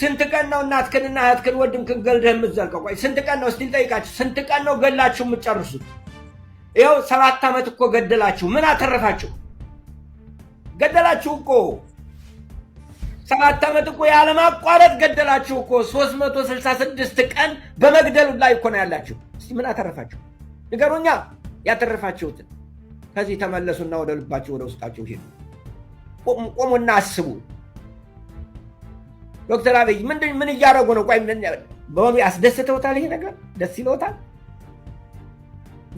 ስንት ቀን ነው እናትክንና እህትክን ወንድምክን ገልደህ የምትዘልቀው? ቆይ ስንት ቀን ነው? ስቲል ልጠይቃችሁ፣ ስንት ቀን ነው ገላችሁ የምትጨርሱት? ይኸው ሰባት ዓመት እኮ ገደላችሁ። ምን አተረፋችሁ? ገደላችሁ እኮ ሰባት ዓመት እኮ ያለማቋረጥ ገደላችሁ እኮ። ሶስት መቶ ስልሳ ስድስት ቀን በመግደሉ ላይ እኮ ነው ያላችሁ። እስቲ ምን አተረፋችሁ ንገሩኛ፣ ያተረፋችሁትን። ከዚህ ተመለሱና ወደ ልባችሁ ወደ ውስጣችሁ ሄዱ። ቆሙና አስቡ። ዶክተር አብይ ምን እያደረጉ ነው? ቆይ በሆኑ ያስደስተውታል? ይሄ ነገር ደስ ይለውታል?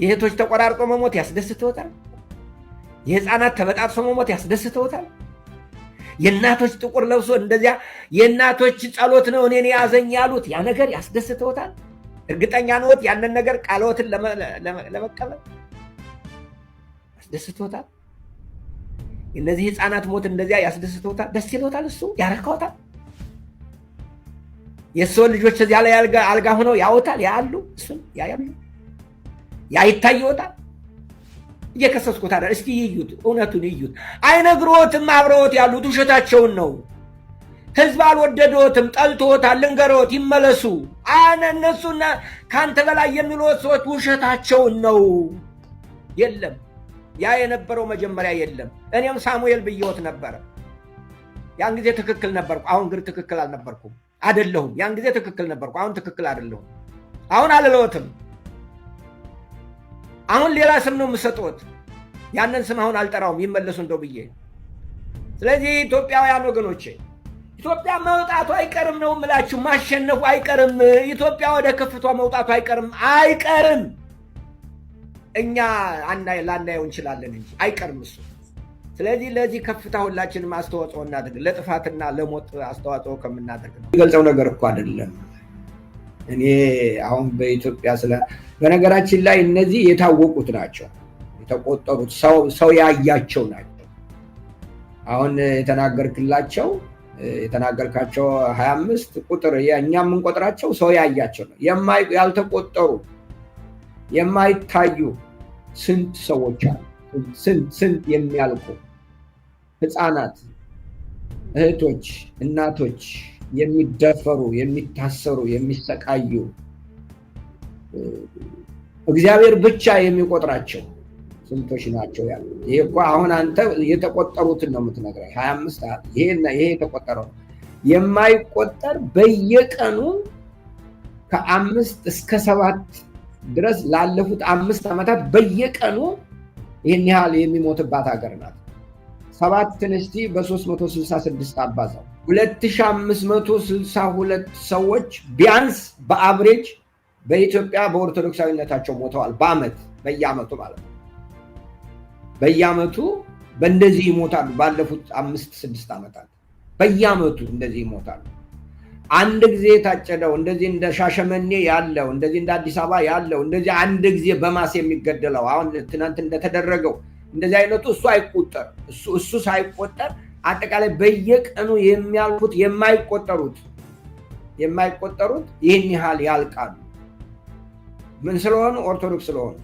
የእህቶች ተቆራርጦ መሞት ያስደስተውታል? የህፃናት ተበጣጥሶ መሞት ያስደስተውታል? የእናቶች ጥቁር ለብሶ እንደዚያ የእናቶች ጸሎት ነው እኔን ያዘኝ ያሉት ያ ነገር ያስደስተውታል? እርግጠኛ ነዎት? ያንን ነገር ቃልዎትን ለመቀበል ያስደስተውታል? እነዚህ ህፃናት ሞት እንደዚያ ያስደስተውታል? ደስ ይለውታል? እሱ ያረካውታል? የሰውን ልጆች እዚያ ላይ አልጋ ሆነው ያወታል ያሉ እሱን ያያሉ ያ ይወጣል። እየከሰስኩት አለ። እስኪ ይዩት፣ እውነቱን ይዩት። አይነግሮትም። አብረውት ያሉት ውሸታቸውን ነው። ህዝብ አልወደዶትም፣ ጠልቶታል። ልንገሮት፣ ይመለሱ። አነ እነሱና ከአንተ በላይ የሚሉት ሰዎች ውሸታቸውን ነው። የለም ያ የነበረው መጀመሪያ የለም። እኔም ሳሙኤል ብየወት ነበረ። ያን ጊዜ ትክክል ነበርኩ። አሁን ግን ትክክል አልነበርኩም። አደለሁም። ያን ጊዜ ትክክል ነበርኩ፣ አሁን ትክክል አደለሁም። አሁን አልለወትም። አሁን ሌላ ስም ነው የምሰጥዎት። ያንን ስም አሁን አልጠራውም፣ ይመለሱ እንደው ብዬ። ስለዚህ ኢትዮጵያውያን ወገኖቼ ኢትዮጵያ መውጣቱ አይቀርም ነው የምላችሁ። ማሸነፉ አይቀርም። ኢትዮጵያ ወደ ከፍቷ መውጣቱ አይቀርም አይቀርም። እኛ ላናየው እንችላለን እንጂ አይቀርም እሱ። ስለዚህ ለዚህ ከፍታ ሁላችንም አስተዋጽኦ እናደርግ። ለጥፋትና ለሞት አስተዋጽኦ ከምናደርግ ነው። የሚገልጸው ነገር እኮ አይደለም። እኔ አሁን በኢትዮጵያ ስለ በነገራችን ላይ እነዚህ የታወቁት ናቸው፣ የተቆጠሩት ሰው ያያቸው ናቸው። አሁን የተናገርክላቸው የተናገርካቸው ሀያ አምስት ቁጥር እኛ የምንቆጥራቸው ሰው ያያቸው ነው። ያልተቆጠሩ የማይታዩ ስንት ሰዎች አሉ። ስንት ስንት የሚያልቁ ህፃናት፣ እህቶች፣ እናቶች የሚደፈሩ የሚታሰሩ፣ የሚሰቃዩ እግዚአብሔር ብቻ የሚቆጥራቸው ስንቶች ናቸው ያሉ። ይሄ እኮ አሁን አንተ የተቆጠሩትን ነው የምትነግረኝ። ሀያ አምስት ይሄ የተቆጠረው የማይቆጠር በየቀኑ ከአምስት እስከ ሰባት ድረስ ላለፉት አምስት ዓመታት በየቀኑ ይህን ያህል የሚሞትባት ሀገር ናት። ሰባት እስቲ በ366 አባዛው 2562 ሰዎች ቢያንስ በአብሬጅ በኢትዮጵያ በኦርቶዶክሳዊነታቸው ሞተዋል። በአመት በየአመቱ ማለት ነው። በየአመቱ በእንደዚህ ይሞታሉ። ባለፉት አምስት ስድስት ዓመታት በየአመቱ እንደዚህ ይሞታሉ። አንድ ጊዜ የታጨደው እንደዚህ እንደ ሻሸመኔ ያለው እንደዚህ እንደ አዲስ አበባ ያለው እንደዚህ አንድ ጊዜ በማስ የሚገደለው አሁን ትናንት እንደተደረገው እንደዚህ አይነቱ እሱ አይቆጠር እሱ ሳይቆጠር አጠቃላይ በየቀኑ የሚያልፉት የማይቆጠሩት የማይቆጠሩት ይህን ያህል ያልቃሉ። ምን ስለሆኑ ኦርቶዶክስ ስለሆኑ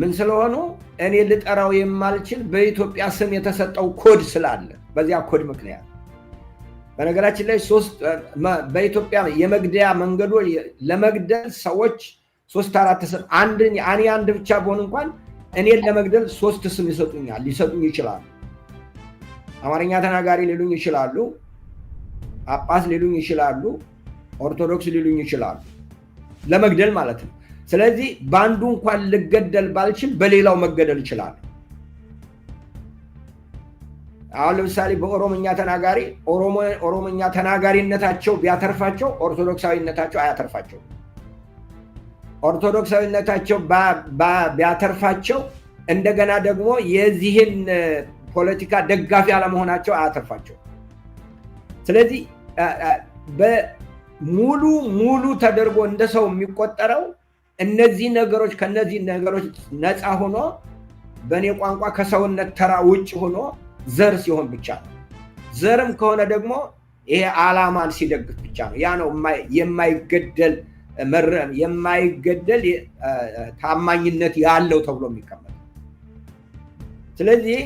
ምን ስለሆኑ እኔ ልጠራው የማልችል በኢትዮጵያ ስም የተሰጠው ኮድ ስላለ በዚያ ኮድ ምክንያት በነገራችን ላይ በኢትዮጵያ የመግደያ መንገዶ ለመግደል ሰዎች ሶስት አራት አንድ አንድ ብቻ በሆን እንኳን እኔን ለመግደል ሶስት ስም ይሰጡኛል፣ ሊሰጡኝ ይችላሉ። አማርኛ ተናጋሪ ሊሉኝ ይችላሉ፣ ጳጳስ ሊሉኝ ይችላሉ፣ ኦርቶዶክስ ሊሉኝ ይችላሉ። ለመግደል ማለት ነው። ስለዚህ በአንዱ እንኳን ልገደል ባልችል በሌላው መገደል ይችላል። አሁን ለምሳሌ በኦሮምኛ ተናጋሪ ኦሮሞኛ ተናጋሪነታቸው ቢያተርፋቸው ኦርቶዶክሳዊነታቸው አያተርፋቸው። ኦርቶዶክሳዊነታቸው ቢያተርፋቸው እንደገና ደግሞ የዚህን ፖለቲካ ደጋፊ አለመሆናቸው አያተርፋቸው። ስለዚህ ሙሉ ሙሉ ተደርጎ እንደ ሰው የሚቆጠረው እነዚህ ነገሮች ከነዚህ ነገሮች ነፃ ሆኖ በእኔ ቋንቋ ከሰውነት ተራ ውጭ ሆኖ ዘር ሲሆን ብቻ ነው። ዘርም ከሆነ ደግሞ ይሄ አላማን ሲደግፍ ብቻ ነው። ያ ነው የማይገደል የማይገደል ታማኝነት ያለው ተብሎ የሚቀመጥ ስለዚህ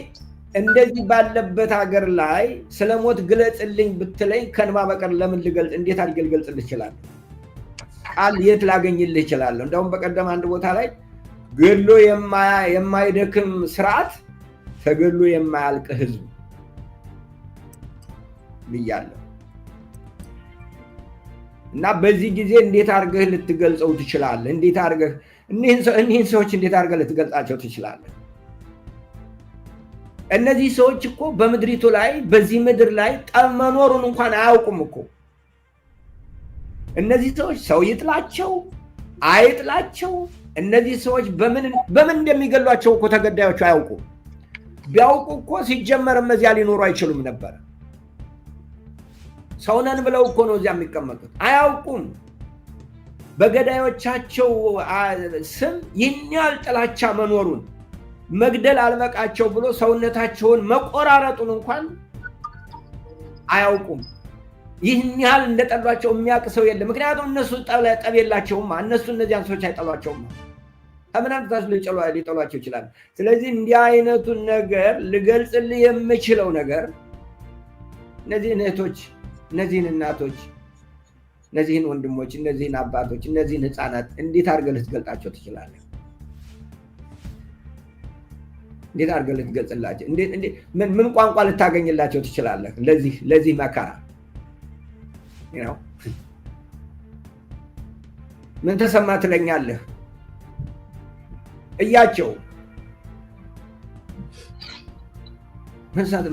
እንደዚህ ባለበት ሀገር ላይ ስለ ሞት ግለጽልኝ ብትለኝ ከንባ በቀር ለምን ልገልጽ እንዴት አድርጌ ልገልጽልህ እችላለሁ? ቃል የት ላገኝልህ እችላለሁ? እንደውም በቀደም አንድ ቦታ ላይ ገድሎ የማይደክም ስርዓት ተገድሎ የማያልቅ ህዝብ ብያለሁ። እና በዚህ ጊዜ እንዴት አድርገህ ልትገልጸው ትችላለህ? እንዴት አድርገህ እኒህን ሰዎች እንዴት አድርገህ ልትገልጻቸው ትችላለህ? እነዚህ ሰዎች እኮ በምድሪቱ ላይ በዚህ ምድር ላይ ጠብ መኖሩን እንኳን አያውቁም እኮ። እነዚህ ሰዎች ሰው ይጥላቸው አይጥላቸው፣ እነዚህ ሰዎች በምን እንደሚገሏቸው እኮ ተገዳዮቹ አያውቁም። ቢያውቁ እኮ ሲጀመር እመዚያ ሊኖሩ አይችሉም ነበር። ሰውነን ብለው እኮ ነው እዚያ የሚቀመጡት። አያውቁም። በገዳዮቻቸው ስም ይህን ያህል ጥላቻ መኖሩን መግደል አልበቃቸው ብሎ ሰውነታቸውን መቆራረጡን እንኳን አያውቁም። ይህን ያህል እንደጠሏቸው የሚያውቅ ሰው የለም። ምክንያቱም እነሱ ጠብ የላቸውማ። እነሱ እነዚያን ሰዎች አይጠሏቸውማ። ከምናምታች ሊጠሏቸው ይችላል። ስለዚህ እንዲህ አይነቱን ነገር ልገልጽልህ የምችለው ነገር እነዚህ እህቶች እነዚህን እናቶች፣ እነዚህን ወንድሞች፣ እነዚህን አባቶች፣ እነዚህን ህፃናት እንዴት አድርገህ ልትገልጣቸው ትችላለህ? እንዴት አድርገህ ልትገልጽላቸው ምን ቋንቋ ልታገኝላቸው ትችላለህ? ለዚህ ለዚህ መከራ ምን ተሰማ ትለኛለህ? እያቸው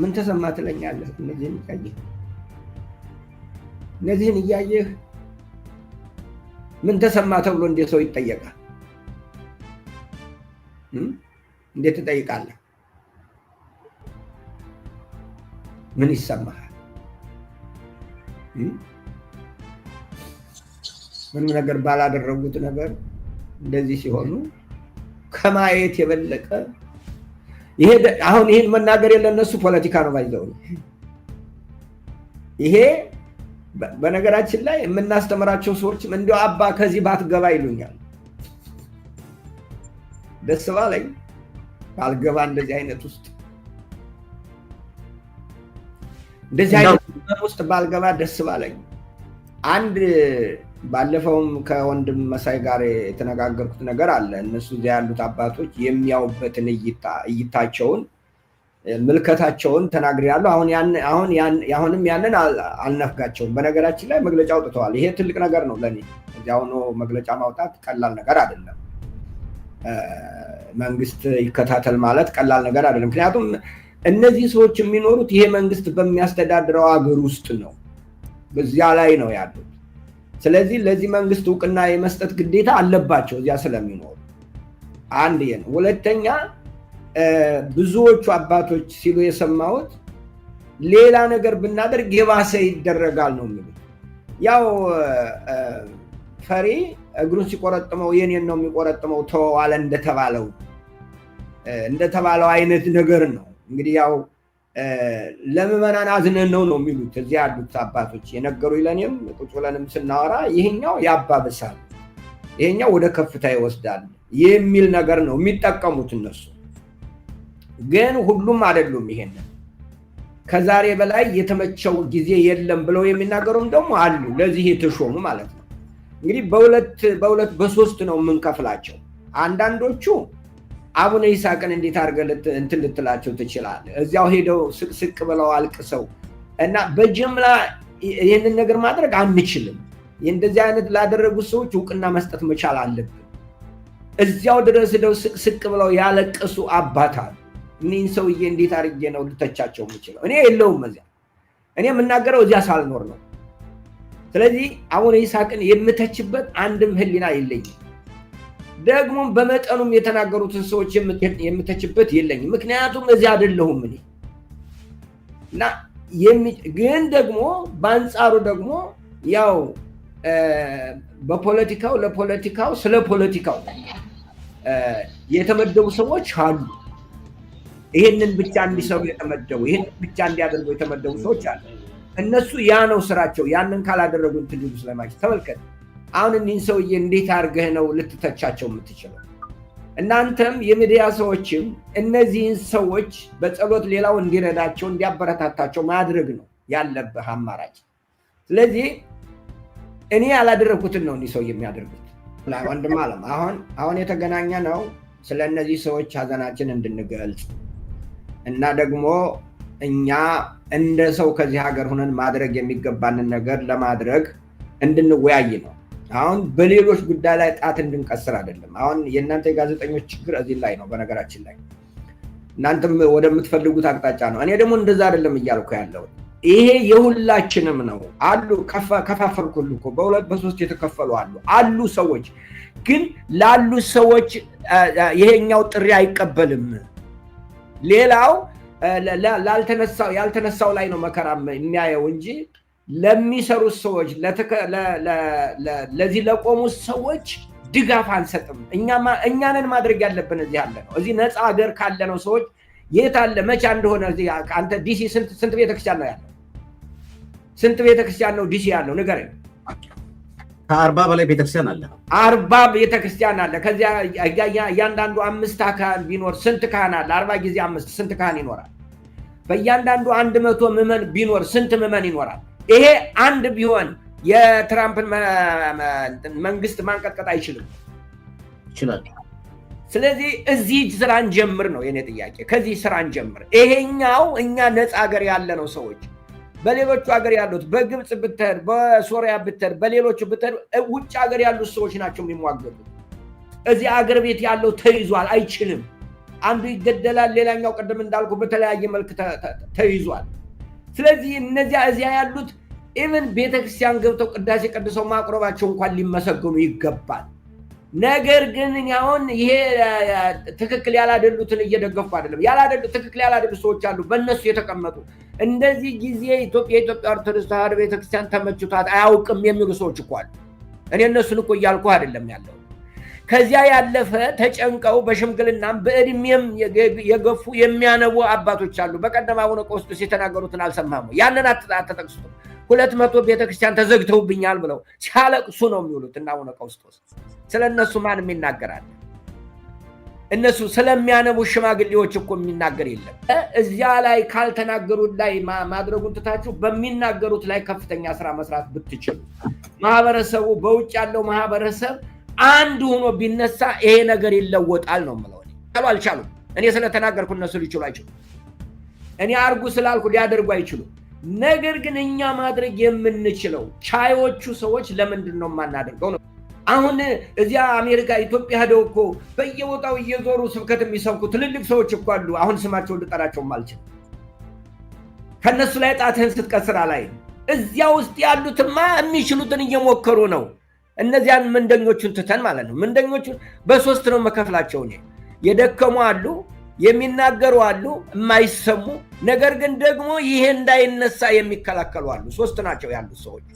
ምን ተሰማ ትለኛለህ? እነዚህን እነዚህን እያየህ ምን ተሰማ ተብሎ እንደ ሰው ይጠየቃል? እንዴት ትጠይቃለህ? ምን ይሰማሃል? ምንም ነገር ባላደረጉት ነገር እንደዚህ ሲሆኑ ከማየት የበለቀ ይሄ አሁን ይህን መናገር የለ እነሱ ፖለቲካ ነው ባይዘው ይሄ በነገራችን ላይ የምናስተምራቸው ሰዎችም እንዲ አባ ከዚህ ባትገባ ይሉኛል። ደስ ባለኝ ባልገባ እንደዚህ አይነት ውስጥ እንደዚህ አይነት ውስጥ ባልገባ ደስ ባለኝ። አንድ ባለፈውም ከወንድም መሳይ ጋር የተነጋገርኩት ነገር አለ። እነሱ እዚያ ያሉት አባቶች የሚያዩበትን እይታቸውን ምልከታቸውን ተናግሬያለሁ። አሁንም ያንን አልነፍጋቸውም። በነገራችን ላይ መግለጫ አውጥተዋል። ይሄ ትልቅ ነገር ነው ለእኔ። እዚያ ሆኖ መግለጫ ማውጣት ቀላል ነገር አይደለም። መንግስት ይከታተል ማለት ቀላል ነገር አይደለም። ምክንያቱም እነዚህ ሰዎች የሚኖሩት ይሄ መንግስት በሚያስተዳድረው አገር ውስጥ ነው። በዚያ ላይ ነው ያሉት። ስለዚህ ለዚህ መንግስት እውቅና የመስጠት ግዴታ አለባቸው እዚያ ስለሚኖሩ። አንድ ይሄ ነው። ሁለተኛ ብዙዎቹ አባቶች ሲሉ የሰማሁት ሌላ ነገር ብናደርግ የባሰ ይደረጋል ነው የሚሉት። ያው ፈሪ እግሩን ሲቆረጥመው የኔን ነው የሚቆረጥመው ተዋለ እንደተባለው እንደተባለው አይነት ነገር ነው እንግዲህ ያው ለምዕመናን አዝነን ነው ነው የሚሉት እዚህ ያሉት አባቶች የነገሩ ይለኔም ቁጭ ብለንም ስናወራ ይሄኛው ያባብሳል፣ ይሄኛው ወደ ከፍታ ይወስዳል የሚል ነገር ነው የሚጠቀሙት እነሱ ግን ሁሉም አይደሉም። ይሄንን ከዛሬ በላይ የተመቸው ጊዜ የለም ብለው የሚናገሩም ደግሞ አሉ። ለዚህ የተሾሙ ማለት ነው። እንግዲህ በሁለት በሁለት በሶስት ነው የምንከፍላቸው። አንዳንዶቹ አቡነ ይስሐቅን እንዴት አድርገህ እንትን ልትላቸው ትችላለህ? እዚያው ሄደው ስቅስቅ ብለው አልቅሰው እና በጅምላ ይህንን ነገር ማድረግ አንችልም። እንደዚህ አይነት ላደረጉት ሰዎች እውቅና መስጠት መቻል አለብን። እዚያው ድረስ ሄደው ስቅስቅ ብለው ያለቀሱ አባት አሉ። እኒህን ሰውዬ እንዴት አድርጌ ነው ልተቻቸው የምችለው? እኔ የለውም እዚያ። እኔ የምናገረው እዚያ ሳልኖር ነው። ስለዚህ አሁን ይስሐቅን የምተችበት አንድም ህሊና የለኝም። ደግሞም በመጠኑም የተናገሩትን ሰዎች የምተችበት የለኝም። ምክንያቱም እዚያ አይደለሁም እኔ እና ግን ደግሞ በአንጻሩ ደግሞ ያው በፖለቲካው ለፖለቲካው ስለ ፖለቲካው የተመደቡ ሰዎች አሉ። ይህንን ብቻ እንዲሰሩ የተመደቡ ይህን ብቻ እንዲያደርጉ የተመደቡ ሰዎች አሉ። እነሱ ያ ነው ስራቸው። ያንን ካላደረጉ እንትን ሊሉ ስለማይችል ተመልከት። አሁን እኒህን ሰውዬ እንዴት አድርገህ ነው ልትተቻቸው የምትችለው? እናንተም የሚዲያ ሰዎችም እነዚህን ሰዎች በጸሎት ሌላው እንዲረዳቸው እንዲያበረታታቸው ማድረግ ነው ያለብህ አማራጭ። ስለዚህ እኔ ያላደረግኩትን ነው እንዲህ ሰው የሚያደርጉት። ወንድም አለም አሁን አሁን የተገናኘ ነው ስለ እነዚህ ሰዎች ሀዘናችን እንድንገልጽ እና ደግሞ እኛ እንደ ሰው ከዚህ ሀገር ሆነን ማድረግ የሚገባንን ነገር ለማድረግ እንድንወያይ ነው። አሁን በሌሎች ጉዳይ ላይ ጣት እንድንቀስር አይደለም። አሁን የእናንተ የጋዜጠኞች ችግር እዚህ ላይ ነው። በነገራችን ላይ እናንተም ወደምትፈልጉት አቅጣጫ ነው። እኔ ደግሞ እንደዛ አይደለም እያልኩ ያለው ይሄ የሁላችንም ነው። አሉ ከፋፈልኩል እኮ በሁለት በሶስት የተከፈሉ አሉ አሉ ሰዎች ግን ላሉ ሰዎች ይሄኛው ጥሪ አይቀበልም። ሌላው ያልተነሳው ላይ ነው መከራ የሚያየው እንጂ ለሚሰሩት ሰዎች ለዚህ ለቆሙት ሰዎች ድጋፍ አንሰጥም። እኛንን ማድረግ ያለብን እዚህ አለ ነው። እዚህ ነፃ ሀገር ካለ ነው ሰዎች የት አለ መቻ እንደሆነ አንተ ዲሲ ስንት ቤተክርስቲያን ነው ያለው? ስንት ቤተክርስቲያን ነው ዲሲ ያለው? ንገረኝ። ከአርባ በላይ ቤተክርስቲያን አለ። አርባ ቤተክርስቲያን አለ። ከዚያ እያንዳንዱ አምስት ካህን ቢኖር ስንት ካህን አለ? አርባ ጊዜ አምስት ስንት ካህን ይኖራል? በእያንዳንዱ አንድ መቶ ምዕመን ቢኖር ስንት ምዕመን ይኖራል? ይሄ አንድ ቢሆን የትራምፕን መንግስት ማንቀጥቀጥ አይችልም ይችላል። ስለዚህ እዚህ ስራ እንጀምር ነው የኔ ጥያቄ። ከዚህ ስራ እንጀምር። ይሄኛው እኛ ነፃ ሀገር ያለ ነው ሰዎች በሌሎቹ ሀገር ያሉት በግብፅ ብትሄድ፣ በሶሪያ ብትሄድ፣ በሌሎቹ ብትሄድ ውጭ ሀገር ያሉት ሰዎች ናቸው የሚሟገዱት። እዚህ አገር ቤት ያለው ተይዟል፣ አይችልም። አንዱ ይገደላል፣ ሌላኛው ቅድም እንዳልኩ በተለያየ መልክ ተይዟል። ስለዚህ እነዚያ እዚያ ያሉት ኢቨን ቤተክርስቲያን ገብተው ቅዳሴ ቀድሰው ማቅረባቸው እንኳን ሊመሰገኑ ይገባል። ነገር ግን አሁን ይሄ ትክክል ያላደሉትን እየደገፉ አይደለም። ያላደሉ ትክክል ያላደሉ ሰዎች አሉ፣ በእነሱ የተቀመጡ እንደዚህ ጊዜ ኢትዮጵያ የኢትዮጵያ ኦርቶዶክስ ተዋህዶ ቤተክርስቲያን ተመችቷት አያውቅም የሚሉ ሰዎች እኮ አሉ። እኔ እነሱን እኮ እያልኩ አይደለም ያለው። ከዚያ ያለፈ ተጨንቀው በሽምግልናም በእድሜም የገፉ የሚያነቡ አባቶች አሉ። በቀደም አቡነ ቀውስጦስ የተናገሩትን አልሰማሙ? ያንን አትጠቅሱትም? ሁለት መቶ ቤተክርስቲያን ተዘግተውብኛል ብለው ሲያለቅሱ ነው የሚውሉት እና አቡነ ቀውስጦስ ስለ እነሱ ማንም ይናገራል? እነሱ ስለሚያነቡ ሽማግሌዎች እኮ የሚናገር የለም። እዚያ ላይ ካልተናገሩት ላይ ማድረጉን ትታችሁ በሚናገሩት ላይ ከፍተኛ ስራ መስራት ብትችሉ ማህበረሰቡ በውጭ ያለው ማህበረሰብ አንድ ሆኖ ቢነሳ ይሄ ነገር ይለወጣል ነው የምለው። ቻሉ አልቻሉም። እኔ ስለተናገርኩ እነሱ ሊችሉ አይችሉም። እኔ አርጉ ስላልኩ ሊያደርጉ አይችሉም። ነገር ግን እኛ ማድረግ የምንችለው ቻዮቹ ሰዎች ለምንድን ነው የማናደርገው ነው። አሁን እዚያ አሜሪካ ኢትዮጵያ ሄደው እኮ በየቦታው እየዞሩ ስብከት የሚሰብኩ ትልልቅ ሰዎች እኮ አሉ። አሁን ስማቸውን ልጠራቸውም አልችልም። ከእነሱ ላይ ጣትህን ስትቀስር ላይ እዚያ ውስጥ ያሉትማ የሚችሉትን እየሞከሩ ነው። እነዚያን ምንደኞቹን ትተን ማለት ነው። ምንደኞቹን በሶስት ነው መከፍላቸው። የደከሙ አሉ፣ የሚናገሩ አሉ፣ የማይሰሙ ነገር ግን ደግሞ ይሄ እንዳይነሳ የሚከላከሉ አሉ። ሶስት ናቸው ያሉ ሰዎች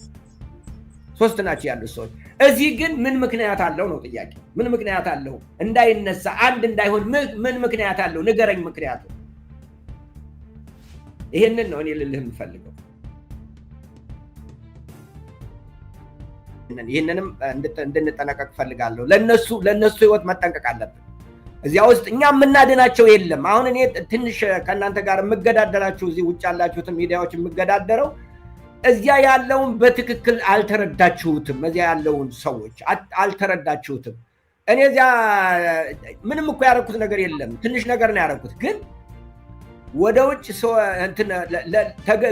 ሶስት ናቸው ያሉት ሰዎች። እዚህ ግን ምን ምክንያት አለው ነው ጥያቄ። ምን ምክንያት አለው እንዳይነሳ፣ አንድ እንዳይሆን ምን ምክንያት አለው? ንገረኝ ምክንያቱ። ይሄንን ነው እኔ ልልህ የምፈልገው። ይህንንም እንድንጠነቀቅ ፈልጋለሁ። ለነሱ ለእነሱ ህይወት መጠንቀቅ አለብን። እዚያ ውስጥ እኛ የምናድናቸው የለም። አሁን እኔ ትንሽ ከእናንተ ጋር የምገዳደራችሁ እዚህ ውጭ ያላችሁትን ሚዲያዎች የምገዳደረው እዚያ ያለውን በትክክል አልተረዳችሁትም። እዚያ ያለውን ሰዎች አልተረዳችሁትም። እኔ እዚያ ምንም እኮ ያደረኩት ነገር የለም። ትንሽ ነገር ነው ያደረኩት ግን ወደ ውጭ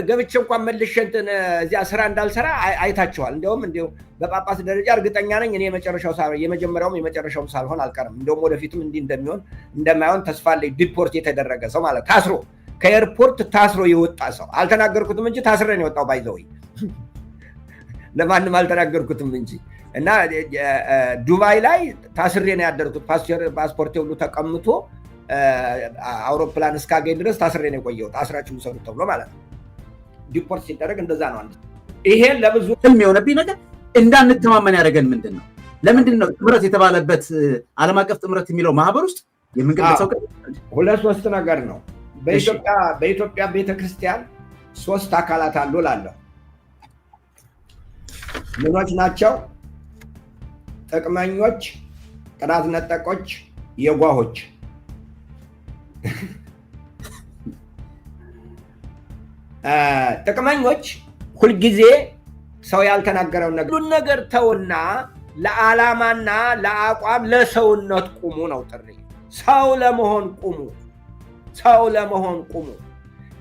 ገብቼ እንኳን መልሼ እዚያ ስራ እንዳልሰራ አይታቸዋል። እንዲሁም እንዲሁ በጳጳስ ደረጃ እርግጠኛ ነኝ እኔ የመጨረሻው የመጀመሪያውም የመጨረሻውም ሳልሆን አልቀርም። እንደውም ወደፊትም እንዲህ እንደሚሆን እንደማይሆን ተስፋ አለኝ። ዲፖርት የተደረገ ሰው ማለት ታስሮ ከኤርፖርት ታስሮ የወጣ ሰው አልተናገርኩትም እንጂ ታስረን የወጣው ባይዘወይ ለማንም አልተናገርኩትም እንጂ እና ዱባይ ላይ ታስሬ ነው ያደርኩት። ፓስፖርቴ ሁሉ ተቀምቶ አውሮፕላን እስካገኝ ድረስ ታስሬ ነው የቆየው። አስራችሁ ውሰዱት ተብሎ ማለት ነው። ዲፖርት ሲደረግ እንደዛ ነው። አንድ ይሄ ለብዙ ህልም የሆነብኝ ነገር እንዳንተማመን ያደረገን ምንድን ነው? ለምንድን ነው ጥምረት የተባለበት ዓለም አቀፍ ጥምረት የሚለው ማህበር ውስጥ የምንገበት ሁለት ሶስት ነገር ነው። በኢትዮጵያ ቤተክርስቲያን ሶስት አካላት አሉ ላለሁ ምኖች ናቸው? ጥቅመኞች፣ ጥራት ነጠቆች፣ የጓሆች ጥቅመኞች ሁልጊዜ ሰው ያልተናገረውን ነገር ሁሉን ነገር ተውና ለዓላማና ለአቋም ለሰውነት ቁሙ ነው ጥሪ። ሰው ለመሆን ቁሙ፣ ሰው ለመሆን ቁሙ።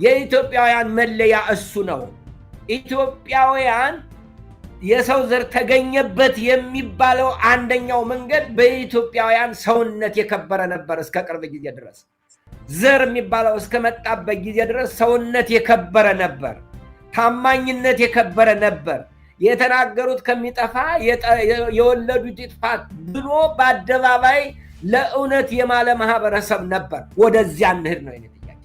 የኢትዮጵያውያን መለያ እሱ ነው። ኢትዮጵያውያን የሰው ዘር ተገኘበት የሚባለው አንደኛው መንገድ በኢትዮጵያውያን ሰውነት የከበረ ነበር እስከ ቅርብ ጊዜ ድረስ። ዘር የሚባለው እስከመጣበት ጊዜ ድረስ ሰውነት የከበረ ነበር፣ ታማኝነት የከበረ ነበር። የተናገሩት ከሚጠፋ የወለዱት ይጥፋት ብሎ በአደባባይ ለእውነት የማለ ማህበረሰብ ነበር። ወደዚያ እንሂድ ነው ጥያቄ።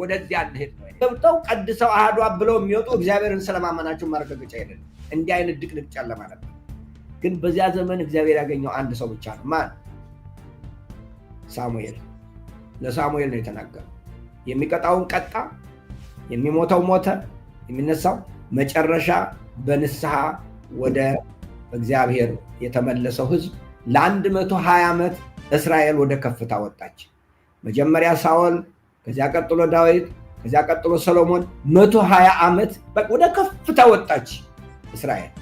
ወደዚያ እንሂድ ነው። ገብተው ቀድሰው አህዷ ብለው የሚወጡ እግዚአብሔርን ስለማመናቸው ማረጋገጫ አይደለም። እንዲህ አይነት ድቅድቅ ጨለማ ነበር። ግን በዚያ ዘመን እግዚአብሔር ያገኘው አንድ ሰው ብቻ ነው። ማን? ሳሙኤል ለሳሙኤል ነው የተናገረው። የሚቀጣውን ቀጣ፣ የሚሞተው ሞተ፣ የሚነሳው መጨረሻ በንስሐ ወደ እግዚአብሔር የተመለሰው ህዝብ ለአንድ መቶ ሀያ ዓመት እስራኤል ወደ ከፍታ ወጣች። መጀመሪያ ሳወል ከዚያ ቀጥሎ ዳዊት፣ ከዚያ ቀጥሎ ሰሎሞን መቶ ሀያ ዓመት ወደ ከፍታ ወጣች እስራኤል።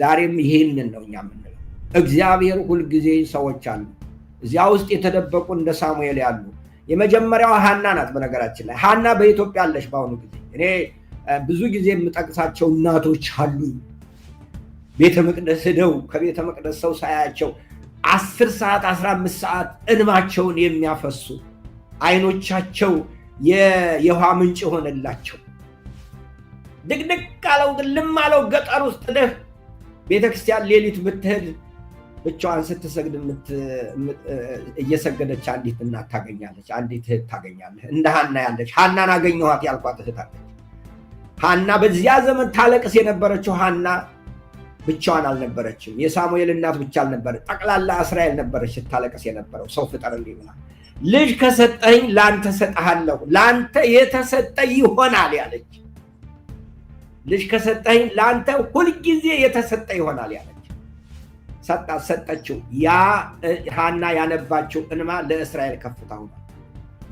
ዛሬም ይህንን ነው እኛ የምንለው። እግዚአብሔር ሁልጊዜ ሰዎች አሉ እዚያ ውስጥ የተደበቁ እንደ ሳሙኤል ያሉ የመጀመሪያው ሀና ናት። በነገራችን ላይ ሀና በኢትዮጵያ አለች። በአሁኑ ጊዜ እኔ ብዙ ጊዜ የምጠቅሳቸው እናቶች አሉ። ቤተ መቅደስ ሄደው ከቤተ መቅደስ ሰው ሳያቸው አስር ሰዓት አስራ አምስት ሰዓት እንባቸውን የሚያፈሱ አይኖቻቸው የውሃ ምንጭ የሆነላቸው ድቅድቅ አለው ልም አለው ገጠር ውስጥ ደህ ቤተክርስቲያን ሌሊት ብትሄድ ብቻዋን ስትሰግድ እየሰገደች አንዲት እናት ታገኛለች። አንዲት እህት ታገኛለች። እንደ ሀና ያለች ሀናን አገኘኋት ያልኳት እህት አለች። ሀና በዚያ ዘመን ታለቅስ የነበረችው ሀና ብቻዋን አልነበረችም። የሳሙኤል እናት ብቻ አልነበረ ጠቅላላ እስራኤል ነበረች ስታለቅስ የነበረው ሰው ፍጠር እንዲብላ ልጅ ከሰጠኝ ለአንተ ሰጠሃለሁ፣ ለአንተ የተሰጠ ይሆናል ያለች ልጅ ከሰጠኝ ለአንተ ሁልጊዜ የተሰጠ ይሆናል ያለች ሰጣት ሰጠችው። ያ ሃና ያነባችው እንማ ለእስራኤል ከፍታ ሆነ።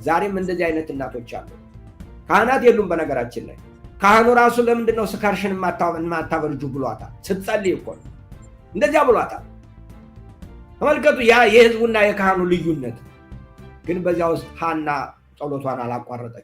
ዛሬም እንደዚህ አይነት እናቶች አሉ። ካህናት የሉም። በነገራችን ላይ ካህኑ ራሱ ለምንድን ነው ስካርሽን የማታበርጁ ብሏታል። ስትጸልይ እኮ ነው እንደዚያ ብሏታል። ተመልከቱ፣ ያ የህዝቡና የካህኑ ልዩነት። ግን በዚያ ውስጥ ሃና ጸሎቷን አላቋረጠች።